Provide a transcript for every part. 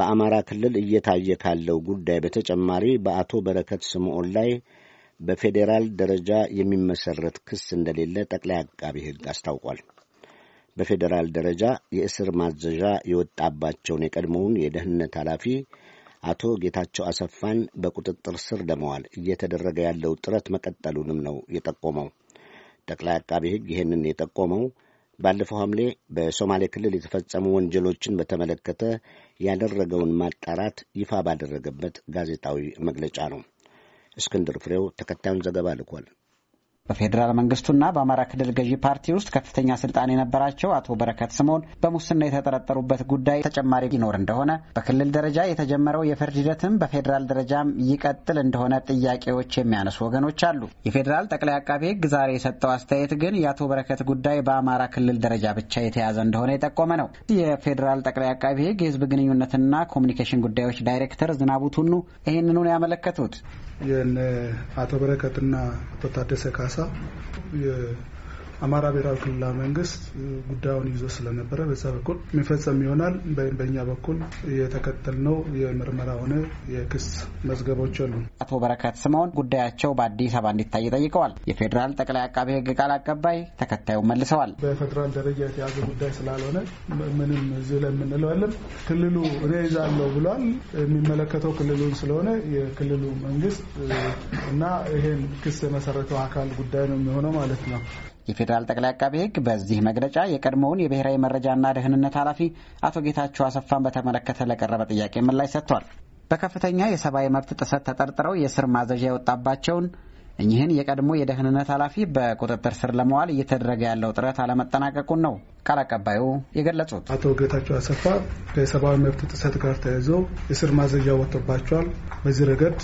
በአማራ ክልል እየታየ ካለው ጉዳይ በተጨማሪ በአቶ በረከት ስምዖን ላይ በፌዴራል ደረጃ የሚመሰረት ክስ እንደሌለ ጠቅላይ አቃቢ ሕግ አስታውቋል። በፌዴራል ደረጃ የእስር ማዘዣ የወጣባቸውን የቀድሞውን የደህንነት ኃላፊ አቶ ጌታቸው አሰፋን በቁጥጥር ስር ለመዋል እየተደረገ ያለው ጥረት መቀጠሉንም ነው የጠቆመው። ጠቅላይ አቃቢ ሕግ ይህንን የጠቆመው ባለፈው ሐምሌ በሶማሌ ክልል የተፈጸሙ ወንጀሎችን በተመለከተ ያደረገውን ማጣራት ይፋ ባደረገበት ጋዜጣዊ መግለጫ ነው። እስክንድር ፍሬው ተከታዩን ዘገባ ልኳል። በፌዴራል መንግስቱና በአማራ ክልል ገዢ ፓርቲ ውስጥ ከፍተኛ ስልጣን የነበራቸው አቶ በረከት ስምኦን በሙስና የተጠረጠሩበት ጉዳይ ተጨማሪ ይኖር እንደሆነ በክልል ደረጃ የተጀመረው የፍርድ ሂደትም በፌዴራል ደረጃም ይቀጥል እንደሆነ ጥያቄዎች የሚያነሱ ወገኖች አሉ። የፌዴራል ጠቅላይ አቃቤ ሕግ ዛሬ የሰጠው አስተያየት ግን የአቶ በረከት ጉዳይ በአማራ ክልል ደረጃ ብቻ የተያዘ እንደሆነ የጠቆመ ነው። የፌዴራል ጠቅላይ አቃቤ ሕግ የህዝብ ግንኙነትና ኮሚኒኬሽን ጉዳዮች ዳይሬክተር ዝናቡ ቱኑ ይህንኑ ያመለከቱት የነ አቶ በረከትና አቶ ታደሰ ካሳ ça. Euh, አማራ ብሔራዊ ክልላዊ መንግስት ጉዳዩን ይዞ ስለነበረ በዛ በኩል የሚፈጸም ይሆናል። በእኛ በኩል የተከተልነው የምርመራ ሆነ የክስ መዝገቦች አሉ። አቶ በረከት ስምኦን ጉዳያቸው በአዲስ አበባ እንዲታይ ጠይቀዋል። የፌዴራል ጠቅላይ አቃቤ ሕግ ቃል አቀባይ ተከታዩን መልሰዋል። በፌዴራል ደረጃ የተያዘ ጉዳይ ስላልሆነ ምንም እዚህ ላይ ክልሉ እኔ ይዛለሁ ብሏል። የሚመለከተው ክልሉን ስለሆነ የክልሉ መንግስት እና ይሄን ክስ የመሰረተው አካል ጉዳይ ነው የሚሆነው ማለት ነው። የፌዴራል ጠቅላይ አቃቤ ሕግ በዚህ መግለጫ የቀድሞውን የብሔራዊ መረጃና ደህንነት ኃላፊ አቶ ጌታቸው አሰፋን በተመለከተ ለቀረበ ጥያቄ ምላሽ ሰጥቷል። በከፍተኛ የሰብአዊ መብት ጥሰት ተጠርጥረው የስር ማዘዣ የወጣባቸውን እኚህን የቀድሞ የደህንነት ኃላፊ በቁጥጥር ስር ለመዋል እየተደረገ ያለው ጥረት አለመጠናቀቁን ነው ቃል አቀባዩ የገለጹት አቶ ጌታቸው አሰፋ ከሰብአዊ መብት ጥሰት ጋር ተያይዞ የስር ማዘዣ ወጥቶባቸዋል። በዚህ ረገድ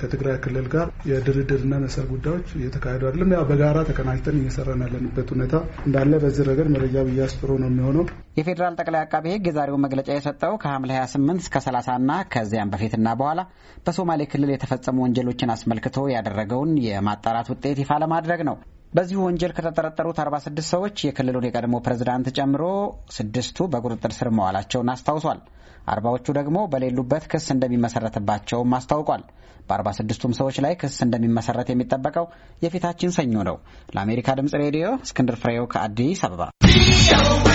ከትግራይ ክልል ጋር የድርድርና መሰል ጉዳዮች እየተካሄዱ አይደለም። ያው በጋራ ተቀናጅተን እየሰራን ያለንበት ሁኔታ እንዳለ በዚህ ረገድ መረጃ ብያስ ነው የሚሆነው። የፌዴራል ጠቅላይ አቃቤ ሕግ የዛሬው መግለጫ የሰጠው ከሐምሌ 28 እስከ 30 እና ከዚያም በፊትና በኋላ በሶማሌ ክልል የተፈጸሙ ወንጀሎችን አስመልክቶ ያደረገውን የማጣራት ውጤት ይፋ ለማድረግ ነው። በዚሁ ወንጀል ከተጠረጠሩት 46 ሰዎች የክልሉን የቀድሞ ፕሬዝዳንት ጨምሮ ስድስቱ በቁጥጥር ስር መዋላቸውን አስታውሷል። አርባዎቹ ደግሞ በሌሉበት ክስ እንደሚመሰረትባቸውም አስታውቋል። በ46ቱም ሰዎች ላይ ክስ እንደሚመሰረት የሚጠበቀው የፊታችን ሰኞ ነው። ለአሜሪካ ድምፅ ሬዲዮ እስክንድር ፍሬው ከአዲስ አበባ